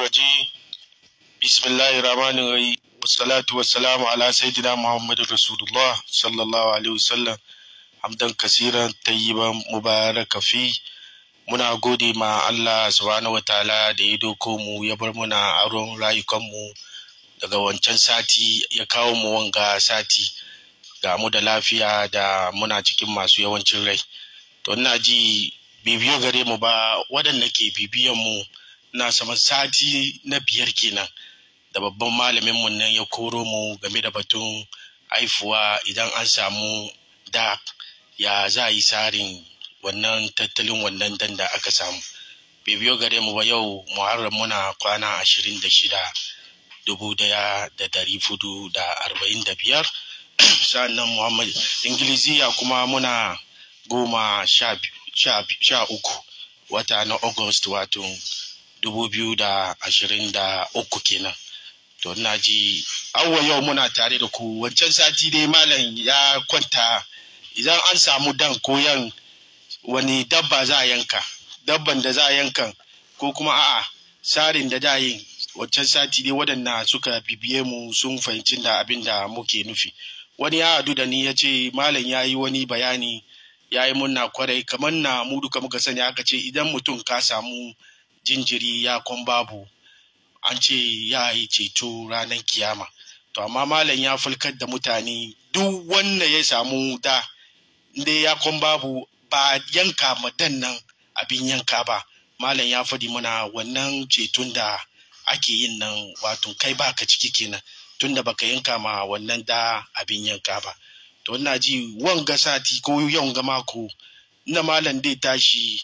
الرجيم بسم الله الرحمن الرحيم والصلاة والسلام على سيدنا محمد رسول الله صلى الله عليه وسلم حمدا كثيرا طيبا مباركا فيه muna gode ma Allah subhanahu wataala da ya doko mu ya bar muna aron rayukanmu daga wancan sati ya kawo mu wanga sati ga mu da lafiya da muna cikin masu yawancin rai to ina ji bibiyo gare mu ba waɗanda ke bibiyan mu na sama sati na biyar kenan da babban malamin mu nan ya koro mu game da batun haifuwa idan an samu da ya za yi tsarin wannan tattalin wannan dan da aka samu bai biyo gare mu ba yau muharram muna kwana ashirin da shida dubu daya da dari fudu da arba'in da biyar sa'annan muhammad ingiliziya kuma muna goma sha uku wata na august wato da da uku kenan to na ji awon yau muna tare da ku wancan sati dai malam ya kwanta idan an samu dan koyan wani dabba za a yanka dabban da za a yankan ko kuma a'a tsarin da da yin wancan sati dai waɗanda suka bibiye mu sun fahimci da abin da muke nufi wani ya hadu da ni ya ce malam ya yi wani bayani ya yi munna kwarai kamar na mu duka muka sani aka ce idan mutum ka samu jinjiri ya kwan babu an ce ya yi ceto ranar kiyama to amma malam ya fulkar da mutane duk wanda ya samu da inda ya kwan babu ba yanka madan nan abin yanka ba malam ya fadi mana wannan ceton da ake yin nan wato kai ba ka ciki kenan tunda baka yanka ma wannan da abin yanka ba to ina ji wanga sati ko yau ga mako na malam dai tashi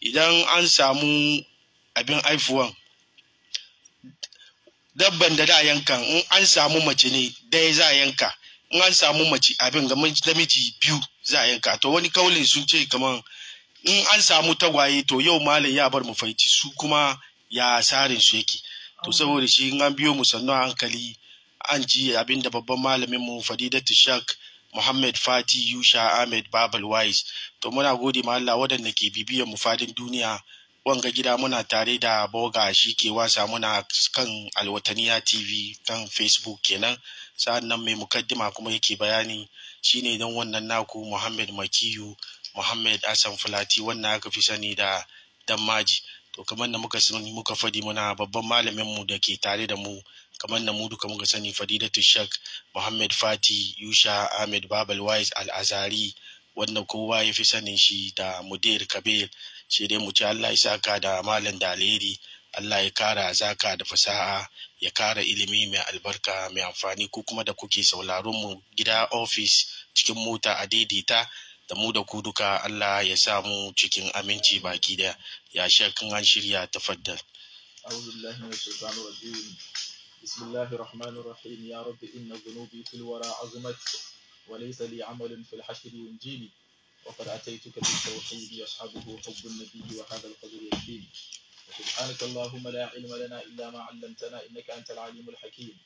idan an samu abin haifuwan dabban da da yanka in an samu mace ne dai za a yanka in an samu mace abin ga namiji biyu za yanka to wani kaulin sun ce kaman in an samu tagwaye to yau malam ya bar mu fahimci su kuma ya sarin su yake to oh. saboda shi in an biyo mu sannu hankali an ji abin da babban malamin mu fadidatu shak Muhammad Fati Yusha Ahmed Babal Wise to muna gode ma Allah waɗanda ke bibiyar mu fadin duniya ga gida muna tare da boga shi ke wasa muna kan alwataniya tv kan facebook kenan sa'an nan mai mukaddima kuma yake bayani shine don wannan naku muhammad makiyu muhammad asan fulati wannan aka fi sani da dan maji to kamar da muka sani muka fadi muna babban malaminmu da ke tare da mu kamar da mu duka muka sani fadidatu shak muhammad fati yusha ahmed babal wais al wanda kowa ya fi sanin shi da mudir kabir sai dai mu ci Allah ya saka da malam da alheri Allah ya kara zaka da fasaha ya kara ilimi mai albarka mai amfani ku kuma da kuke sauraron mu gida ofis cikin mota a daidaita da mu da ku duka Allah ya sa mu cikin aminci baki da ya shekin an shirya tafaddal بسم الله الرحمن الرحيم يا رب إن ذنوبي في الورى عظمت وليس لي عمل في الحشر ينجيني وقد أتيتك بالتوحيد يصحبه حب النبي وهذا القدر يكفيه وسبحانك اللهم لا علم لنا إلا ما علمتنا إنك أنت العليم الحكيم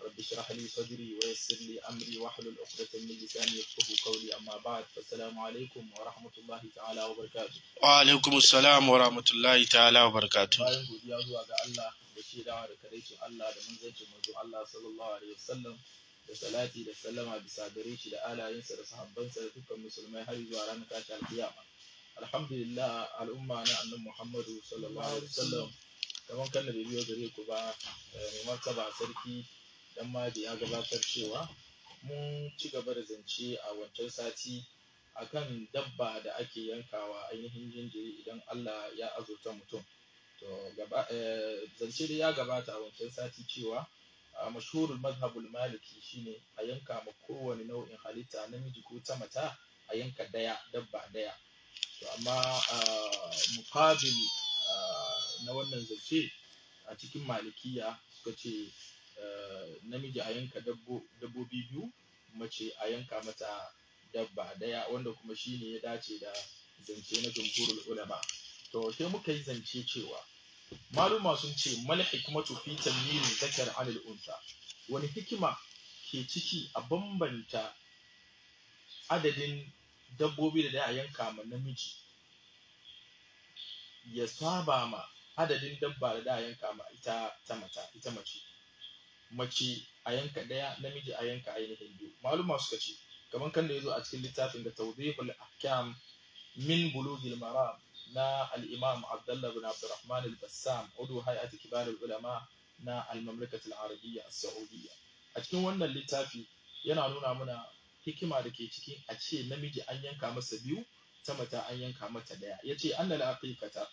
رب اشرح لي صدري ويسر لي أمري واحلل عقدة من لساني يفقه قولي أما بعد فالسلام عليكم ورحمة الله تعالى وبركاته وعليكم السلام ورحمة الله تعالى وبركاته bayan godiya zuwa ga Allah da shaida da kadaici Allah da manzancin manzo Allah sallallahu alaihi wasallam da salati da sallama bisa gare shi da alayensa da sahabbansa da dukkan musulmai har zuwa ranar tashi alkiyama alhamdulillah al'umma na annabi muhammadu sallallahu alaihi wasallam kamar kan da biyo gare ku ba eh, mai martaba sarki dan madi ya gabatar cewa mun ci gaba da zance a wancan sati akan dabba da ake yankawa ainihin jinjiri idan Allah ya azurta mutum to eh, zance da ya gabata a wancan sati cewa a mashhurul mazhabul maliki shine a yanka ma kowane nau'in halitta namiji ko ta mata a yanka daya dabba daya to amma muqabil na wannan zance a cikin malikiya suka ce namiji a yanka dabbobi biyu mace a yanka mata dabba daya wanda kuma shine ya dace da zance na jumhurul ulama to sai muka yi zance cewa maluma sun ce mal hikmatu fi tamyizi zakar al unsa wani hikima ke ciki a bambanta adadin dabbobi da da a yanka ma namiji ya saba ma adadin dabba da da a yanka ma ita ta mata ita mace mace a yanka daya namiji a yanka ainihin biyu maluma suka ce kamar kan da ya zo a cikin littafin da tawdihul ahkam min bulugil maram na alimam Abdullahi abdullah bin abdurrahman al-bassam udu hay'at kibar ulama na al-mamlakat al-arabiyya as-saudiyya a cikin wannan littafi yana nuna mana hikima da ke cikin a ce namiji an yanka masa biyu ta mata an yanka mata daya yace annal aqiqata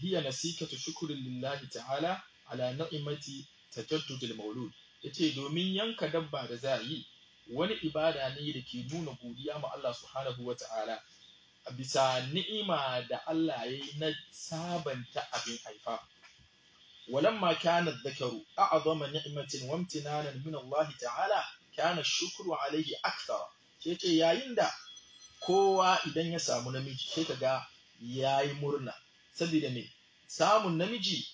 hiya nasikatu shukrin lillahi ta'ala ala ni'mati tajaddudil maulud ce, domin yanka dabba da za yi wani ibada ne da ke nuna godiya ma Allah subhanahu wata'ala bisa ni'ima da Allah ya yi na sabanta abin haifa walamma kana dhakaru a'zama ni'matin wa imtinanan min Allah ta'ala kana shukru alaihi aksar Ke ce yayin da kowa idan ya samu namiji ga ya yi murna saboda me samun namiji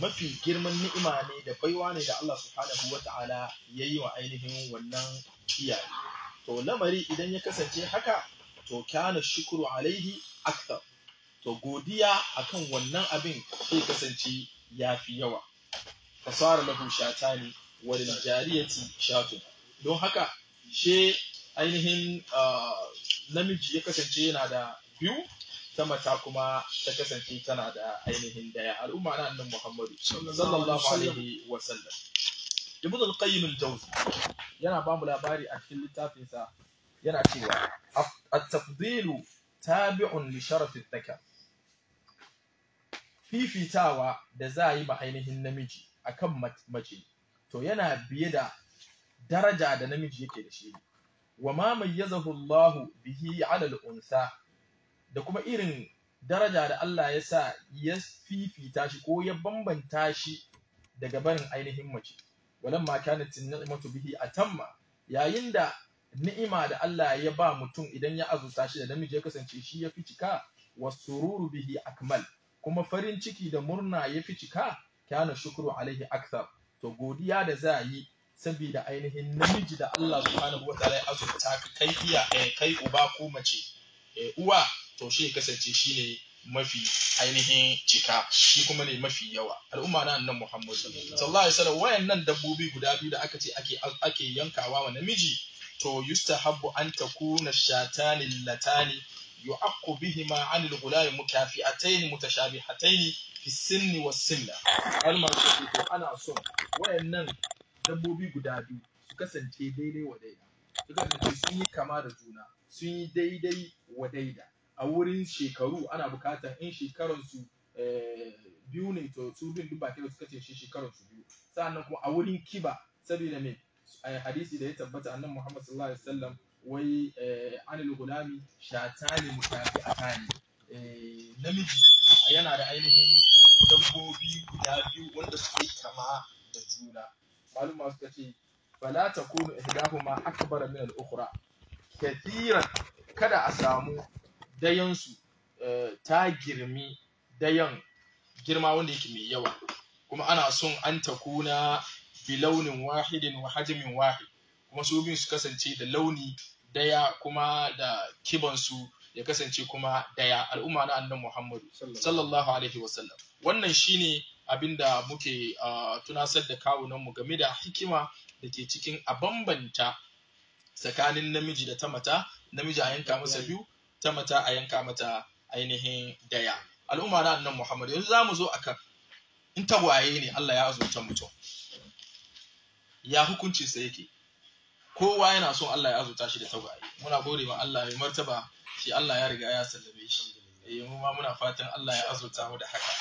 mafi girman ni'ima ne da baiwa ne da Allah subhanahu ya yi wa ainihin wannan iyaye to lamari idan ya kasance haka to kana shukuru alaihi aktar to godiya akan wannan abin zai kasance ya fi yawa fasara lahu shatani walil jariyati shato. don haka she ainihin namiji ya kasance yana da biyu ta mata kuma ta kasance tana da ainihin daya al'umma na annan muhammadu sallallahu alaihi wa sallam ibn al-qayyim al-jawzi yana ba mu labari a cikin littafinsa yana cewa at-tafdilu tabi'un li sharafin dhakar fifitawa da za a yi ma ainihin namiji akan mace to yana biye da daraja da namiji yake da shi wa ma mayyazahu Allah bihi 'ala al-unsa da kuma irin daraja da Allah ya sa ya fifita shi ko ya bambanta shi daga barin ainihin mace walamma kanat an-ni'matu bihi atamma yayin da ni'ima da Allah ya ba mutum idan ya azurta shi da namiji ya kasance shi ya fi cika wa sururu bihi akmal kuma farin ciki da murna ya fi cika kana shukuru alaihi akthar to godiya da za yi saboda ainihin namiji da Allah subhanahu wa ta'ala ya azurta ka kai iya eh, kai uba ko mace eh, uwa to shi ya kasance shi ne mafi ainihin cika shi kuma ne mafi yawa al'umma na annan Muhammad sallallahu alaihi wasallam wayannan dabbobi guda biyu da aka ce ake ake yankawa wa namiji to yustahabbu an takuna shatani latani yu'aqqu bihima 'an al-ghulam mutafi'atayn mutashabihatayn fi sinni wa silla kalmar to ana so wayannan dabbobi guda biyu su kasance daidai wa daida su kasance sun yi kama da juna sun yi daidai wa daida a wurin shekaru ana bukatar in shekaransu eh, biyu ne to su bin suka ce shi shekaransu biyu sannan kuma a wurin kiba saboda me hadisi da ya tabbata annabi Muhammad sallallahu alaihi wasallam wai eh, anil gulami shatani mutafi akani eh, namiji yana da ainihin dabbobi guda biyu wanda suke kama da juna maluma suka ce Bala kunu takunu ihdahuma akbar min al-ukhra kathiran kada a samu dayansu eh, ta girmi dayan girma wanda yake mai yawa kuma ana son an kuna. bi launin wahidin wa hajimin wahid kuma su bin su kasance da launi daya kuma da kibansu ya kasance kuma daya al'umma na annan Muhammadu sallallahu alaihi wasallam wannan shine da muke tunasar da kawunanmu game da hikima da ke cikin a bambanta tsakanin namiji da ta mata namiji a yanka masa biyu ta a yanka mata ainihin daya al'umma na annan Muhammadu yanzu za mu zo akan in tagwaye ne Allah ya azurta mutum ya hukuncinsa yake kowa yana son Allah ya azuta shi da tagwaye muna gode ma Allah mai martaba shi Allah ya riga ya sallame shi eh mu ma muna fatan Allah ya azuta mu da haka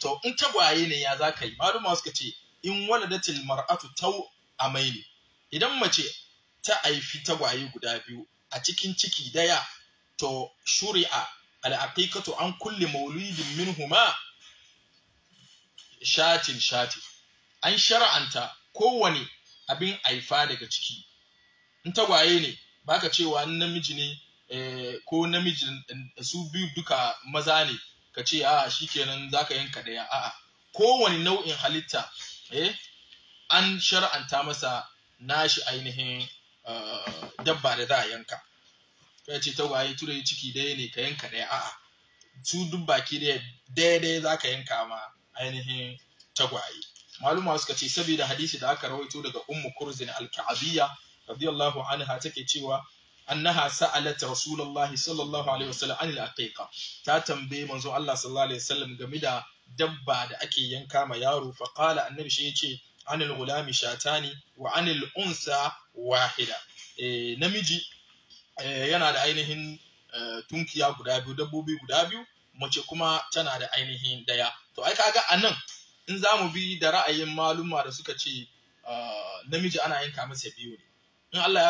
to in tagwaye ne ya zaka yi maluma suka ce in waladatil mar'atu taw amaini idan mace ta aifi tagwaye guda biyu a cikin ciki daya to shuri'a al'aqiqatu an kulli maulidin minhuma shatin shati an shara'anta kowane abin aifa daga ciki in tagwaye ne ba baka cewa namiji ne eh, ko namiji su biyu duka maza ne ka ce a shi za ka yanka daya a'a kowane nau'in halitta eh an shar'anta masa nashi ainihin eh, dabba da za a yanka Ka ce tagwaye turai ciki daya ne ka yanka daya a'a su duk baki daya daya za ka yanka ma ainihin tagwaye maluma suka ce saboda hadisi da aka rawaito daga ummu kurzin al-ka'abiyya radiyallahu anha take cewa annaha sa'alat rasulullahi sallallahu alaihi wasallam anil aqiqa ta tambaye manzo Allah sallallahu alaihi wasallam game da dabba da ake yanka ma yaro fa qala annabi shi yace anil gulami shatani wa anil unsa wahida e, namiji eh, yana da ainihin eh, tunkiya guda biyu dabbobi guda biyu mace kuma tana da ainihin daya to ai kaga anan in za mu bi da ra'ayin maluma da suka ce ah, namiji ana yanka masa biyu ne in Allah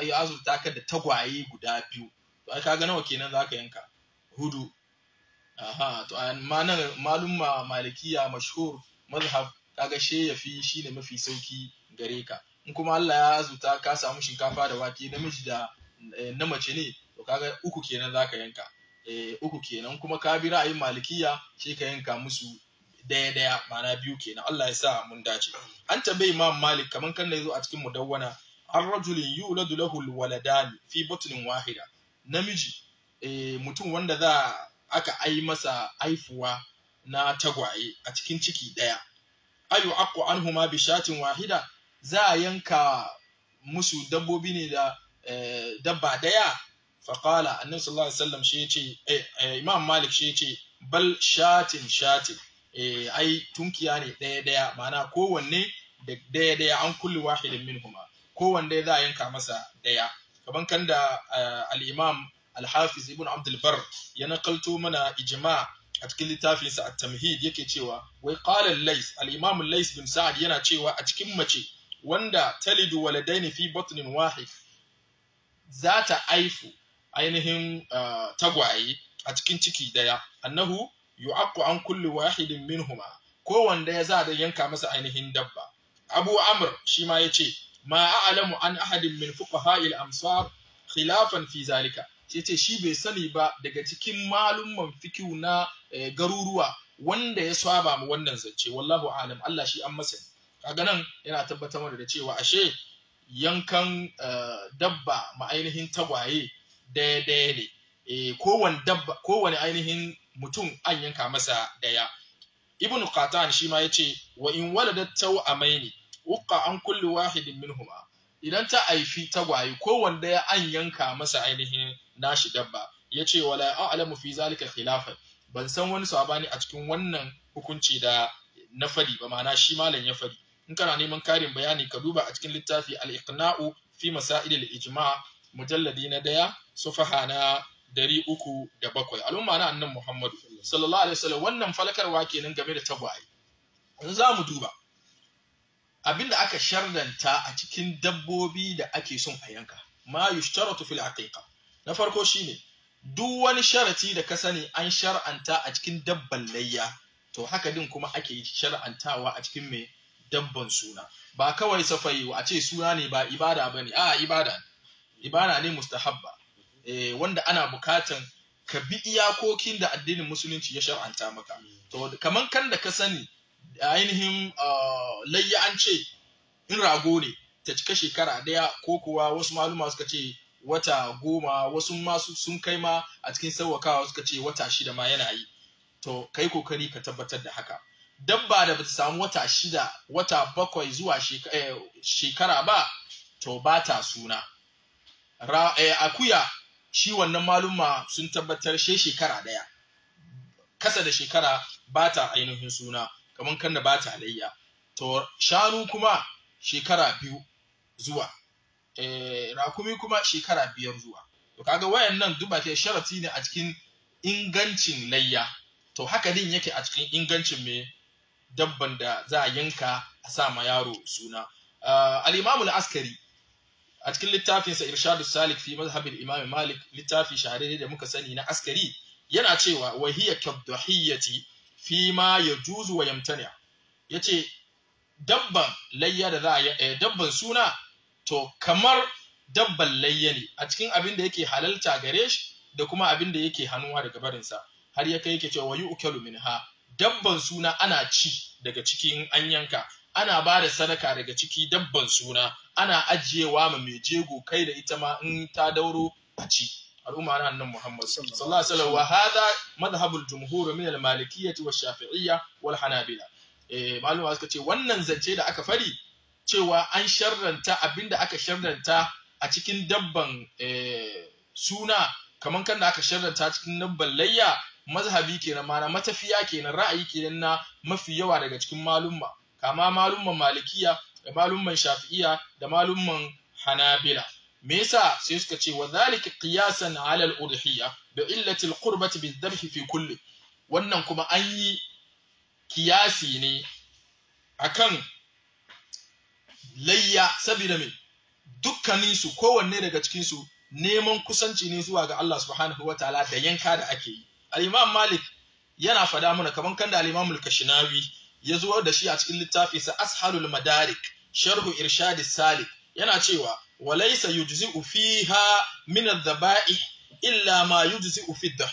ya azurta ka da tagwaye guda biyu to ai ga nawa kenan za ka yanka hudu aha to an nan maluma malikiya mashhur mazhab kaga she yafi shine mafi sauki gare ka in kuma Allah ya azurta ka samu shinkafa da wake namiji da eh, na mace ne to kaga uku kenan za ka yanka eh, uku kenan kuma ka bi ra'ayin malikiya shi ka yanka musu daya daya mana biyu kenan Allah ya sa mun dace an tambayi Imam Malik kaman kan da yazo a cikin mudawwana an rajulin yuladu lahu alwaladani fi batnin wahida namiji eh, mutum wanda za aka ai masa aifuwa na tagwaye a cikin ciki daya ayu aqu anhuma bi shatin wahida za yanka musu dabbobi ne da eh, dabba daya faqala annabi sallallahu alaihi wasallam shi yace eh, eh, imam malik shi yace bal shatin shatin eh ai tunkiya ne ɗaya ɗaya ma'ana kowanne da ɗaya ɗaya an kulli wahidin minhuma kowanne za a yanka masa ɗaya kaman kan da eh, al-imam al-hafiz ibn abdul bar ya nakalto mana ijma a cikin littafinsa at-tamhid yake cewa wai qala lais al-imam lais bin sa'ad yana cewa a cikin mace wanda talidu waladaini fi batnin wahid za ta aifu ainihin eh, tagwaye a cikin ciki daya annahu yu'aqqu an kulli wahidin minhuma ko wanda ya za da yanka masa ainihin dabba abu amr shi ma yace ma a'lamu an ahadin min fuqaha'il amsar khilafan fi zalika yace shi bai sani ba daga cikin malumman fikihu na eh, garuruwa wanda ya saba mu wannan zance wallahu alam Allah shi an masa kaga nan yana tabbatar da cewa ashe yankan eh, dabba ma ainihin tagwaye daidai ne eh, kowane dabba kowane ainihin mutum an yanka masa daya ibn qatan shi ma yace wa in waladat tawamaini uqa an kulli wahidin minhuma idan ta aifi tagwaye ko wanda ya an yanka masa ainihin nashi dabba yace wala a'lamu fi zalika khilafan ban san wani sabani a cikin wannan hukunci da na fari ba ma'ana shi malam ya fari in kana neman karin bayani ka duba a cikin littafi al-iqna'u fi masail al-ijma' mujalladi na daya sufaha na dari uku da bakwai al'umma na annan muhammadu sallallahu alaihi wasallam wannan falakarwa kenan game da tagwaye yanzu za mu duba abinda aka sharranta a cikin dabbobi da ake son a yanka ma yushtaratu fil haqiqa na farko shine duk wani sharati da ka sani an shar'anta a cikin dabban layya to haka din kuma ake shar'antawa a cikin mai dabban suna ba kawai safai a ce suna ne ba ibada bane a ibada ibada ne mustahabba eh, wanda ana bukatan ka bi iyakokin da addinin musulunci ya shar'anta maka to kaman kan da ka sani ainihin ah, layya an ce in rago ne ta cika shekara daya ko kuwa wasu maluma suka ce wata goma wasu masu sun kai ma a cikin sauwakawa suka ce wata shida ma yana yi to kai kokari ka tabbatar da haka dabba da bata samu wata shida wata bakwai zuwa eh, shekara ba to ba ta suna eh, akuya shi wannan maluma sun tabbatar shi shekara daya kasa da shekara ba ta ainihin suna kamar kan da ba ta layya to shanu kuma shekara biyu zuwa e, rakumi kuma shekara biyar zuwa to kaga wayannan duba ta sharati ne a cikin ingancin layya to haka din yake a cikin ingancin me dabban da za a yanka a sa ma yaro suna uh, al-imamul askari a cikin littafinsa irshadu salik fi mazhabin imam malik littafi shahararre da muka sani na askari yana cewa wa hiya kadhiyati fi ma yajuzu wa yamtani yace dabban layya da za a eh, dabban suna to kamar dabban layya ne a cikin abin da yake halalta gare shi da kuma abin da yake hannuwa daga barinsa har ya kai yake cewa wa yu'kalu minha dabban suna ana ci daga cikin an yanka ana ba da sadaka daga ciki dabban suna ana ajiyewa ma mai jego kai da ita ma in ta dauro a ci al'umma na annan Muhammad sallallahu alaihi wasallam wa hadha madhhabul jumhur min al-malikiyyah wa shafi'iyyah wal hanabila eh malama suka ce wannan zance da aka fari cewa an sharranta abinda aka sharranta a cikin dabban eh, suna kamar kan da aka sharranta cikin dabban layya mazhabi kenan mana matafiya kenan ra'ayi kenan na mafi yawa daga cikin malumma kama malumman malikiya da malumman shafi'iya da malumman hanabila me yasa sai suka ce wa zalika qiyasan ala al-udhiyya bi illati al-qurbati bidhabh fi kulli wannan kuma an yi kiyasi ne akan layya sabida me dukkanin su kowanne daga cikin su neman kusanci ne zuwa ga Allah subhanahu wataala da yanka da ake yi al-imam malik yana fada mana kaman kan da al-imam al-kashinawi ya zo da shi a cikin littafinsa ashalul madarik sharhu irshadis salik yana cewa walaysa yujzi'u fiha min adh-dhaba'ih illa ma yujzi'u fi ad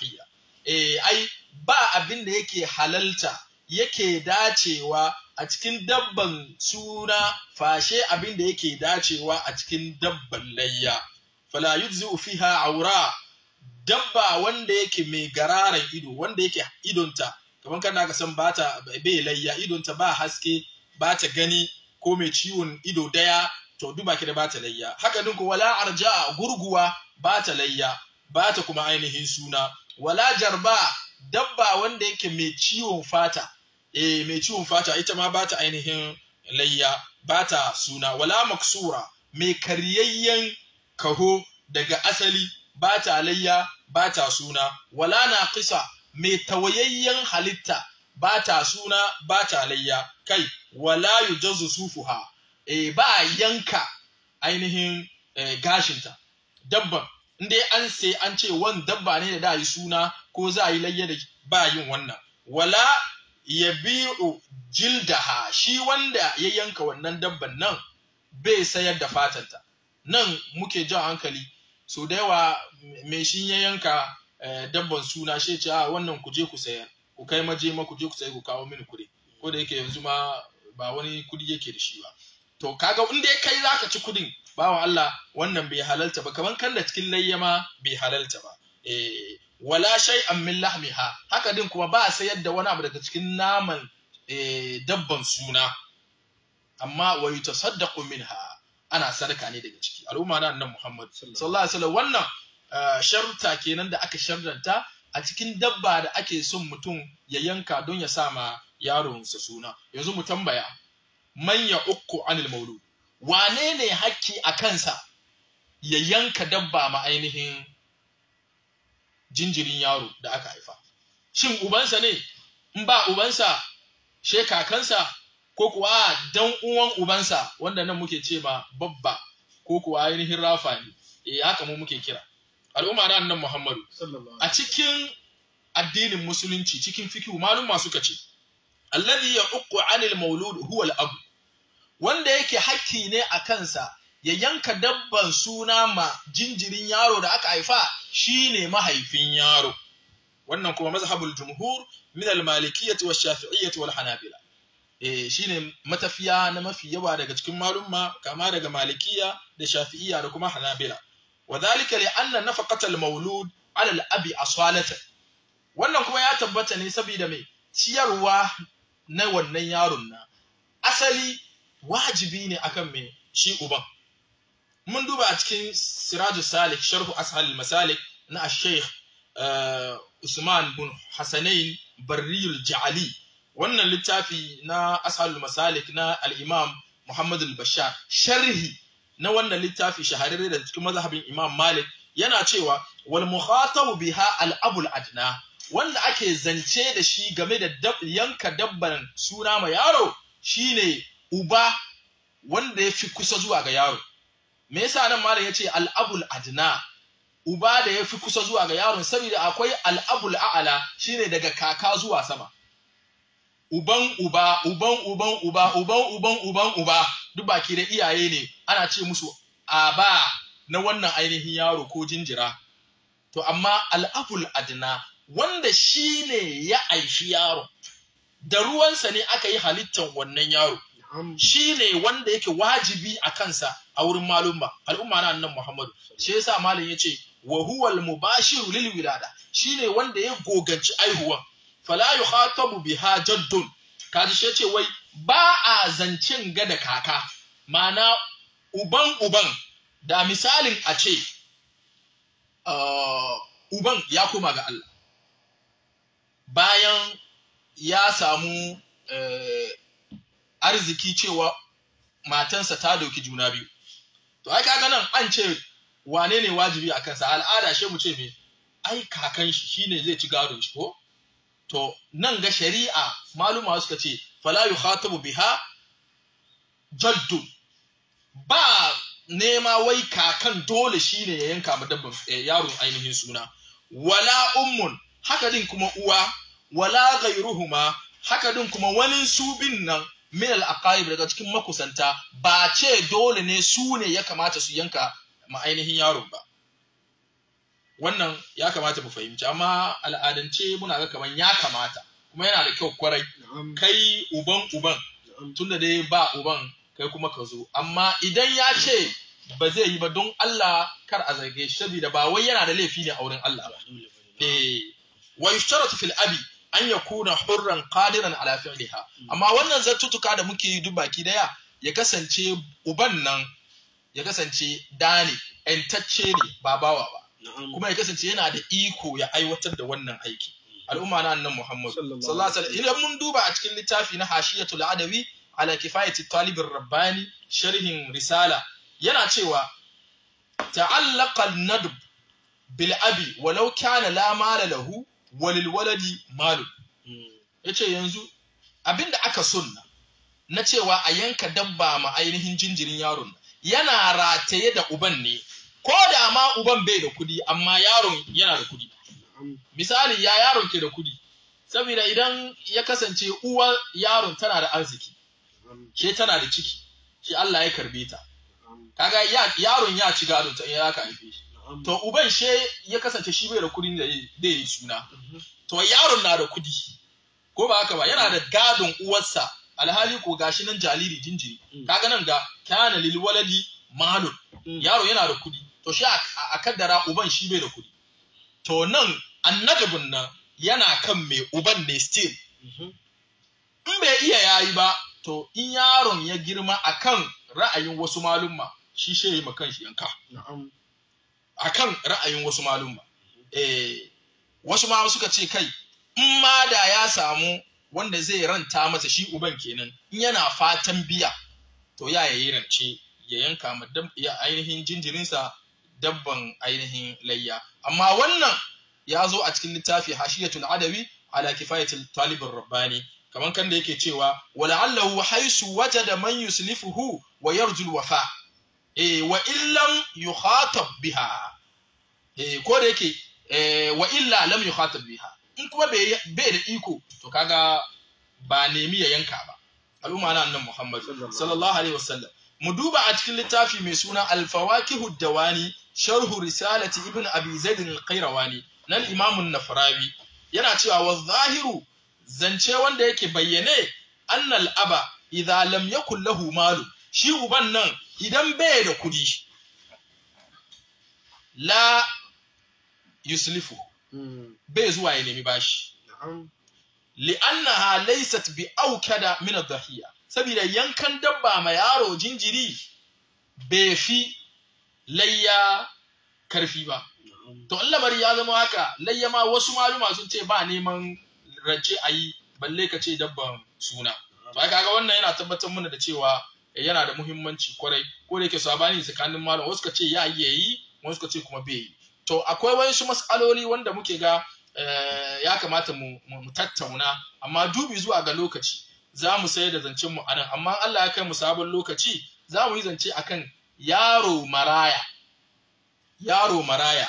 eh ai ba abin da yake halalta yake dacewa a cikin dabban suna fashe abin da yake dacewa a cikin dabban layya fala yujzi'u fiha aura dabba wanda yake mai gararan ido wanda yake idonta kamar kan ka san ba ta bai layya idon ta ba haske ba ta gani ko mai ciwon ido daya to duk baki da ba ta layya haka din ko wala arja gurguwa ba ta layya ba ta kuma ainihin suna wala jarba dabba wanda yake mai ciwon fata eh mai ciwon fata ita ma ba ta ainihin layya ba ta suna wala maksura mai karyayyen kaho daga asali ba ta layya ba ta suna wala naqisa mai tawayayyen halitta ba ta suna ba ta layya kai wala yujazu sufuha e ba yanka ainihin e, gashinta dabban inda an sai an ce wan dabba ne da da yi suna ko za a yi layya da ba yin wannan wala ya biyu jildaha shi wanda ya yanka wannan dabban nan bai sayar da fatanta nan muke jan hankali so da yawa mai shi ya yanka Eh, dabban suna shi ce a ah, wannan ku je ku sayar ku kai maje ma ku je ku sayar ku kawo mini kuɗi ko da yake yanzu ma ba wani kuɗi yake da shi ba to kaga inda ya kai zaka ci kuɗin bawa Allah wannan bai halalta ba kaman kan da cikin layya ma bai halalta ba eh wala am min lahmiha haka din kuma ba sayar da wani abu daga cikin naman eh, dabban suna amma wa yutasaddaqu minha ana sadaka ne daga ciki al'umma na nan Muhammad sallallahu alaihi wasallam wannan sharuta kenan da aka sharranta a cikin dabba da ake son mutum ya yanka don ya sa sama yaronsa suna yanzu mu tambaya manya uku anil maulu wane ne hakki a kansa ya yanka dabba ma ainihin jinjirin yaro da aka haifa shin ubansa ne in ba ubansa she kakansa ko kuwa dan uwan ubansa wanda nan muke ce ma babba ko kuwa ainihin rafa ne eh haka mu muke kira al'umma na annan Muhammadu a cikin addinin musulunci cikin fikihu malum masu kace alladhi yaquqqu 'anil maulud huwa al-ab wanda yake hakki ne a kansa ya yanka dabban suna ma jinjirin yaro da aka haifa shine mahaifin yaro wannan kuma mazhabul jumhur min al-malikiyyah wa shafi'iyyah hanabila eh shine matafiya na mafi yawa daga cikin malumma kama daga malikiya da shafi'iyya da kuma hanabila وذلك li anna المولود maulud ala al-abi wannan kuma ya tabbata ne saboda mai ciyarwa na wannan yaron na asali wajibi ne akan mai shi uban mun duba a cikin siraju salik sharhu ashal masalik na ash-shaykh eh, usman bin hasanain barriyul ja'ali wannan littafi na ashal masalik na al-imam muhammad al-bashar sharhi na wannan littafi shahararre da cikin mazhabin Imam Malik yana cewa wal mukhatabu biha al abul adna wanda ake zance da shi game da yanka dabban suna ma yaro shine uba wanda ya fi kusa zuwa ga yaro me yasa nan malam yace al abul adna uba da ya fi kusa zuwa ga yaron saboda akwai al'abul a'ala shine daga kaka zuwa sama uban uba uban uban uba uban uban uban uba duk baki da iyaye ne ana ce musu a ba na wannan ainihin yaro ko jinjira to amma al'aful adna wanda shi ne ya aishi yaro da ruwansa ne aka yi halittar wannan yaro shi ne wanda yake wajibi a kansa a wurin malumma al'umma na nan muhammadu shi yasa malam ya ce wa mu mubashiru lil wilada ne wanda ya goganci aihuwan fala yukhatabu biha jaddun kaji shi ce wai ba a zancen gada kaka mana uban uban da misalin a ce uh, uban ya koma ga Allah bayan ya samu uh, arziki cewa matansa ta dauki juna biyu to ai kaga nan an ce wane ne wajibi a kansa al'ada she mu ce me ai kakan shi shine zai ci gado shi ko to nan ga shari'a maluma suka ce fala yukhatabu biha jaddu ba nema wai kakan dole shine ya yanka ma dabba eh, yaron ainihin suna wala ummun haka din kuma uwa wala gairuhuma haka din kuma wani su bin nan min al daga cikin makusanta ba ce dole ne su ne ya kamata su yanka ma ainihin yaron ba wannan ya kamata mu fahimci amma al'adance muna ga kamar ya kamata kuma yana da kyau kwarai kai uban uban tunda dai ba uban kai kuma ka zo amma idan ya ce ba zai yi ba don Allah kar a zarge shi saboda ba wai yana da laifi ne a wurin Allah ba eh wa yushtaratu fil abi an yakuna hurran qadiran ala fi'liha amma wannan zartutuka da muke yi duk baki daya ya kasance uban nan ya kasance dani entacce ne ba bawa ba kuma ya kasance yana da iko ya aiwatar da wannan aiki al'umma na annan Muhammad sallallahu alaihi wasallam idan mun duba a cikin littafi na hashiyatul adawi ala kifayati talibin rabbani sharhin risala yana cewa ta'allaqa nadb bil abi walau kana la mala lahu walil waladi malu hmm. yace yanzu abinda aka sunna na cewa a yanka dabba ma ainihin jinjirin yaron yana rataye da uban ne ko da ma uban bai da kudi amma yaron yana da kudi misali ya yaron ke da kudi saboda idan ya kasance uwa yaron tana da arziki ke tana da ciki shi Allah ya karbe ta kaga yaron ya ci gado ta ya ka haife shi to uban she ya kasance shi bai da kudin da zai yi suna to yaron na da kudi ko ba haka ba yana da gadon uwarsa alhali ko gashi nan jariri jinjiri kaga nan ga kana lil waladi malun yaro yana da kudi to shi a kaddara uban shi bai da kudi to nan annagabin nan yana kan mai uban ne still in bai iya yayi ba to in yaron ya girma akan ra'ayin wasu malumma shi shi yi makan shi yanka akan ra'ayin wasu malumma eh, wasu ma suka ce kai in ma da ya samu wanda zai ranta masa shi uban kenan in yana fatan biya to ya yayi rance ya yanka ma ainihin jinjirinsa dabban ainihin layya amma wannan ya zo a cikin littafi hashiyatul adawi ala kifayatul talibin rabbani kamar kan da yake cewa wala'allahu haisu da man yuslifuhu wa yarjul wafa E, wa illam yukhatab biha E, ko da yake e wa illa lam yukhatab biha in kuma bai da iko to kaga ba nemi ya yanka ba al'umma na annabi Muhammad sallallahu alaihi wasallam mu duba a cikin littafi mai suna al-fawakihu dawani sharhu risalati ibn abi zaid al-qayrawani nan imamun nafrawi yana cewa wa zahiru zance wanda yake bayyane annal aba idza lam yakul lahu malu shi uban nan idan bai da kudi la yuslifu hmm. bai zuwa ya nemi bashi li'annaha laysat bi aukada min ad-dahiya saboda yankan dabba ma yaro jinjiri bai fi layya karfi ba to Allah ya zama haka layya ma wasu maluma sun ce ba neman rance a yi balle ka ce dabban suna to ai kaga wannan yana tabbatar mana da cewa eh, yana da muhimmanci kwarai ko da yake sabani tsakanin malam wasu ka ce ya yi yi, wasu ka ce kuma bai yi to akwai wasu mas'aloli wanda muke ga eh, ya kamata mu tattauna amma dubi zuwa ga lokaci za mu sayar da zancen mu anan amma Allah ya kai mu sabon lokaci za mu yi zance akan yaro maraya yaro maraya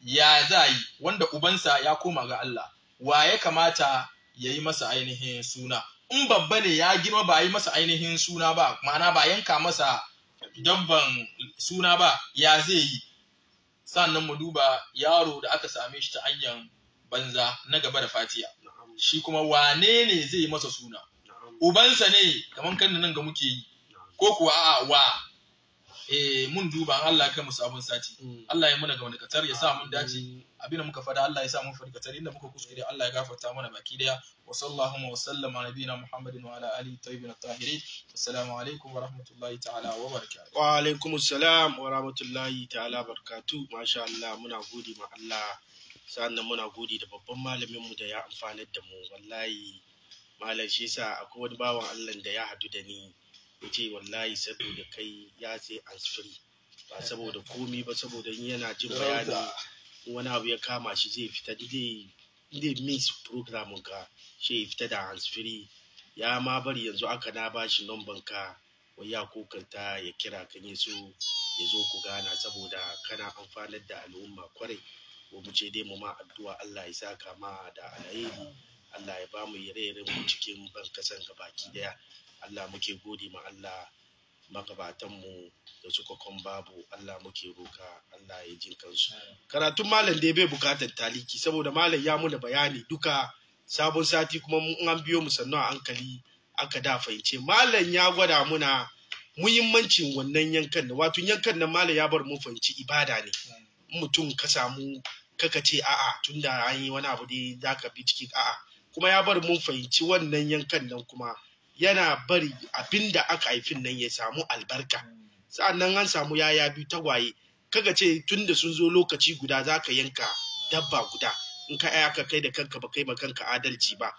ya za yi wanda ubansa ya koma ga Allah wa ya kamata ya yi masa ainihin suna in babba ne ya girma ba yi masa ainihin suna ba ma'ana ba yanka masa dabban suna ba ya zai yi sannan mu duba yaro da aka same shi ta hanyar banza na gaba da fatiya shi kuma wane ne zai yi masa suna ubansa ne kamar kan nan ga muke yi ko kuwa a'a wa eh mun duba an Allah kai mu sabon sati mm. Allah ya muna ga wani katar ya sa mun dace abin da muka fada Allah ya sa mun fadi katar inda muka kuskure Allah ya gafarta mana baki daya wa sallallahu wa sallama nabiyina Muhammadin wa ala alihi tayyibin tahirin assalamu alaikum wa rahmatullahi ta'ala wa barakatuh wa alaikum assalam wa rahmatullahi ta'ala barakatuh masha Allah muna gode ma Allah sannan muna gode da babban malamin mu da ya amfanar da mu wallahi malam shi yasa akwai wani bawan Allah da ya hadu da ni ya ce wallahi saboda kai ya ce ansfiri ba saboda komi ba saboda in yana jin bayani wani abu ya kama shi zai fita zai miss program ka shi ya fita da free ya ma bari yanzu aka na bashi numban ka wai ya kokanta ya kira ka ya so ya zo ku gana saboda kana amfanar da al'umma kwarai ko mu ce dai mu ma addu'a Allah ya saka ma da alheri Allah ya ba mu yare mu cikin ban gabaki daya Allah muke gode ma Allah magabatanmu da suka kwan babu Allah muke roka Allah ya jin kansu karatun malam dai bai bukatar taliki saboda malam ya muna bayani duka sabon sati kuma mun an biyo mu sannu a hankali aka da fahimce malam ya gwada muna muhimmancin wannan yankan da wato yankan nan malam ya bar mu fahimci ibada ne mutum ka samu kaka ce a'a tunda an yi wani abu dai zaka bi ciki a'a kuma ya bar mun fahimci wannan yankan nan kuma yana bari abinda aka haifin nan ya samu albarka sa'annan an samu yaya biyu tagwaye kaga ce tun da sun zo lokaci guda za ka yanka dabba guda in ka aya ka kai da kanka ba kai ba kanka adalci ba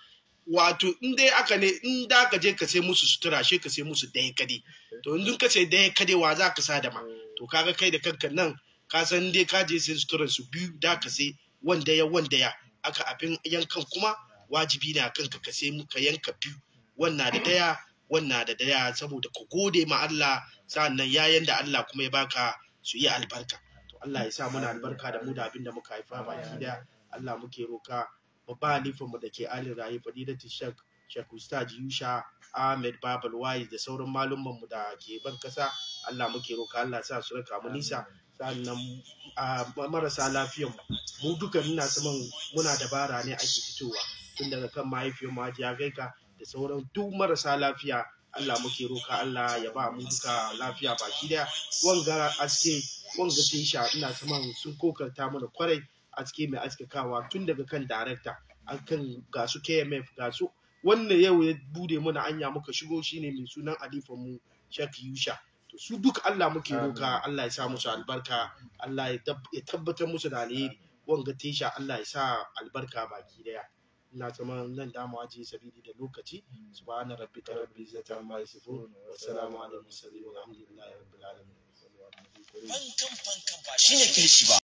wato in dai aka ne in da ka je ka sai musu sutura shi ka sai musu daya kade to in ka sai daya kade wa za ka sa da ma to kaga kai da kanka nan ka san dai ka je sai suturan su biyu da ka sai wanda ya wanda ya aka abin yankan kuma wajibi ne kanka ka sai ka yanka biyu wannan da daya wannan da daya saboda ku gode ma Allah sannan yayan da Allah kuma ya baka su yi albarka to Allah ya sa muna albarka da mu da abin da muka haifa baki da Allah muke roka babba da mu dake alin rayi fadilatu shek shek ustaji yusha ahmed babal wai da sauran malumman mu da ke ban kasa Allah muke roka Allah sa su raka mu nisa sannan marasa lafiyar mu Mu duka muna saman muna dabara ne ake fitowa tun daga kan mahaifiyar mu ya gaika da sauran duk marasa lafiya Allah muke roka Allah ya ba mu duka lafiya baki daya wanga aske wanga tisha ina man sun kokarta mana kwarai aske mai aske kawa tun daga kan darekta akan kan gasu KMF gasu. wannan yau ya bude mana anya muka shigo shine mai sunan alifan mu Sheikh Yusha to su duk Allah muke roka Allah ya sa musu albarka Allah ya tabbatar musu da alheri wanga tisha Allah ya sa albarka baki daya ina tsammanin nan da mu ajiye sabili da lokaci mm. subhana rabbika rabbil izzati amma yasifun mm. wa salamu alal mursalin walhamdulillahi rabbil alamin fankan fankan ba shine kilishi ba